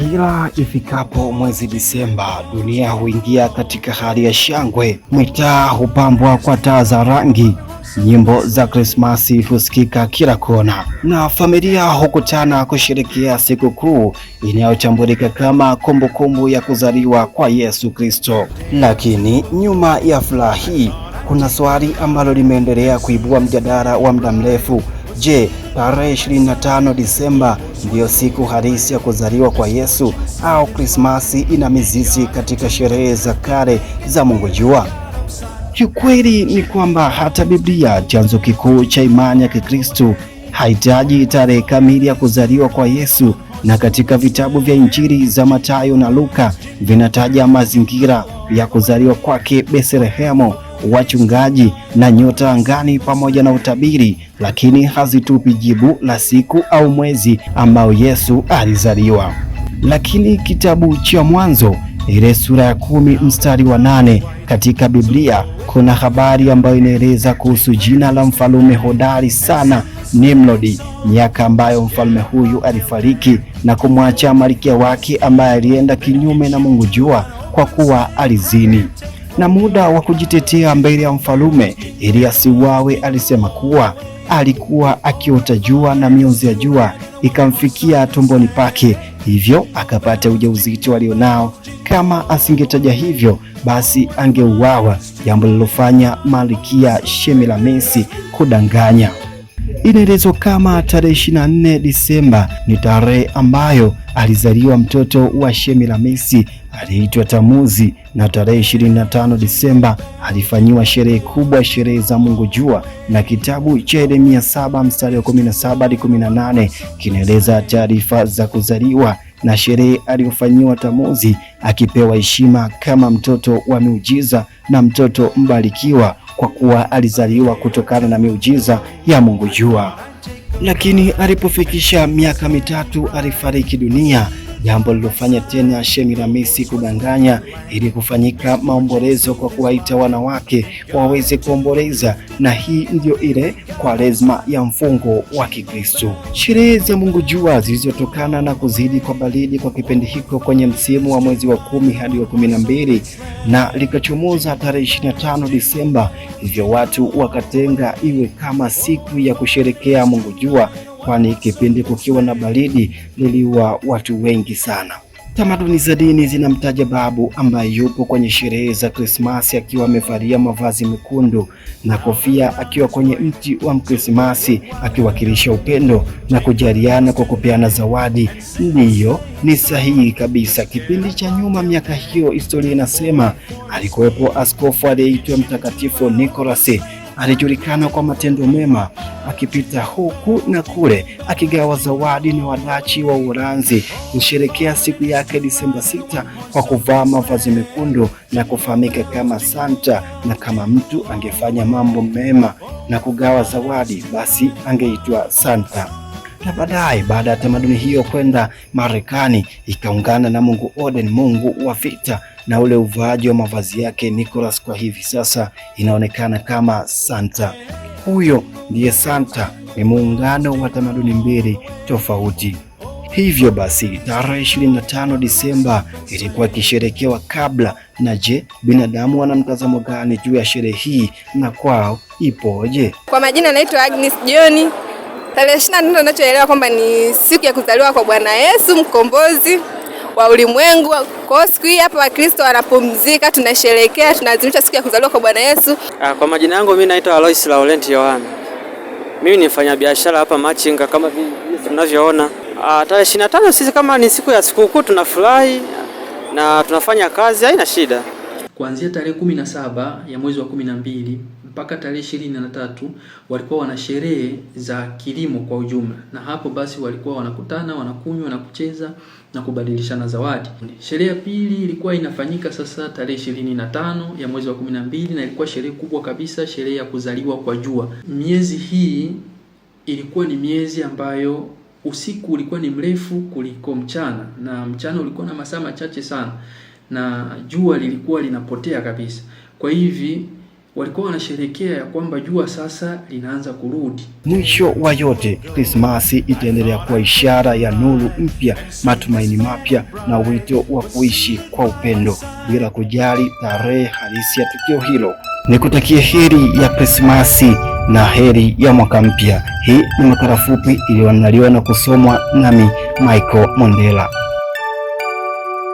Kila ifikapo mwezi Disemba, dunia huingia katika hali ya shangwe. Mitaa hupambwa kwa taa za rangi, nyimbo za Krismasi husikika kila kona, na familia hukutana kusherekea sikukuu inayotambulika kama kumbukumbu kumbu ya kuzaliwa kwa Yesu Kristo. Lakini nyuma ya furaha hii kuna swali ambalo limeendelea kuibua mjadala wa muda mrefu. Je, Tarehe 25 Disemba ndiyo siku halisi ya kuzaliwa kwa Yesu au Krismasi ina mizizi katika sherehe za kale za Mungu jua. Kiukweli ni kwamba hata Biblia, chanzo kikuu cha imani ya Kikristo, haitaji tarehe kamili ya kuzaliwa kwa Yesu, na katika vitabu vya Injili za Mathayo na Luka vinataja mazingira ya kuzaliwa kwake: Bethlehemu, wachungaji na nyota angani, pamoja na utabiri lakini hazitupi jibu la siku au mwezi ambao Yesu alizaliwa. Lakini kitabu cha Mwanzo ile sura ya kumi mstari wa nane katika Biblia kuna habari ambayo inaeleza kuhusu jina la mfalume hodari sana Nimrodi, miaka ambayo mfalme huyu alifariki na kumwacha malkia wake ambaye alienda kinyume na Mungu jua kwa kuwa alizini. Na muda wa kujitetea mbele ya mfalume ili asiuawe, alisema kuwa alikuwa akiota jua na mionzi ya jua ikamfikia tumboni pake, hivyo akapata ujauzito alionao. Kama asingetaja hivyo, basi angeuawa, jambo lilofanya Malkia Shemila Messi kudanganya Inaelezwa kama tarehe 24 Disemba ni tarehe ambayo alizaliwa mtoto wa Shemila Messi aliitwa Tamuzi, na tarehe 25 Disemba alifanyiwa sherehe kubwa, sherehe za Mungu Jua. Na kitabu cha Yeremia 7 mstari wa 17 hadi 18 kinaeleza taarifa za kuzaliwa na sherehe aliyofanyiwa Tamuzi, akipewa heshima kama mtoto wa miujiza na mtoto mbarikiwa kwa kuwa alizaliwa kutokana na miujiza ya Mungu jua, lakini alipofikisha miaka mitatu alifariki dunia jambo lilofanya tena Shemi Ramisi kudanganya ili kufanyika maombolezo kwa kuwaita wanawake waweze kuomboleza, na hii ndiyo ile Kwaresma ya mfungo wa Kikristo. Sherehe za Mungu Jua zilizotokana na kuzidi kwa baridi kwa kipindi hiko kwenye msimu wa mwezi wa kumi hadi wa kumi na mbili na likachomoza tarehe 25 Disemba, hivyo watu wakatenga iwe kama siku ya kusherekea Mungu Jua kwani kipindi kukiwa na baridi liliwa watu wengi sana. Tamaduni za dini zinamtaja babu ambaye yupo kwenye sherehe za Krismasi akiwa amevalia mavazi mekundu na kofia, akiwa kwenye mti wa mkrismasi, akiwakilisha upendo na kujaliana kwa kupeana zawadi. Ndiyo, ni sahihi kabisa. Kipindi cha nyuma, miaka hiyo, historia inasema alikuwepo askofu aliyeitwa Mtakatifu Nikolasi alijulikana kwa matendo mema akipita huku na kule akigawa zawadi na wadachi wa Uholanzi. Husherekea siku yake Disemba sita kwa kuvaa mavazi mekundu na kufahamika kama Santa, na kama mtu angefanya mambo mema na kugawa zawadi, basi angeitwa Santa na baadaye baada ya tamaduni hiyo kwenda Marekani ikaungana na Mungu Odin, mungu wa vita, na ule uvaaji wa mavazi yake Nicholas kwa hivi sasa inaonekana kama Santa. Huyo ndiye Santa, ni muungano wa tamaduni mbili tofauti. Hivyo basi tarehe 25 Disemba ilikuwa ikisherekewa kabla. Na je, binadamu wana mtazamo gani juu ya sherehe hii na kwao ipoje? Kwa majina naitwa Agnes John. Tarehe 25 ndio kwamba ni siku ya kuzaliwa kwa Bwana Yesu mkombozi wa ulimwengu. Kwa siku hii hapa Wakristo wanapumzika, tunasherehekea, tunaadhimisha siku ya kuzaliwa kwa Bwana Yesu. Ah, kwa majina yangu mimi naitwa Alois Laurent Yohana, mimi ni mfanyabiashara hapa Machinga kama tunavyoona. Ah, tarehe ishirini na tano sisi kama ni siku ya sikukuu tunafurahi na tunafanya kazi, haina shida. Kuanzia tarehe kumi na saba ya mwezi wa kumi na mbili mpaka tarehe ishirini na tatu walikuwa wana sherehe za kilimo kwa ujumla, na hapo basi walikuwa wanakutana, wanakunywa na kucheza na kubadilishana zawadi. Sherehe ya pili ilikuwa inafanyika sasa tarehe ishirini na tano ya mwezi wa kumi na mbili na ilikuwa sherehe kubwa kabisa, sherehe ya kuzaliwa kwa jua. Miezi hii ilikuwa ni miezi ambayo usiku ulikuwa ni mrefu kuliko mchana, na mchana ulikuwa na masaa machache sana, na jua lilikuwa linapotea kabisa. Kwa hivi walikuwa wanasherekea ya kwamba jua sasa linaanza kurudi. Mwisho wa yote, Krismasi itaendelea kuwa ishara ya nuru mpya, matumaini mapya na wito wa kuishi kwa upendo bila kujali tarehe halisi ya tukio hilo. Nikutakie heri ya Krismasi na heri ya mwaka mpya. Hii ni makala fupi iliyoandaliwa na kusomwa nami Michael Mondela.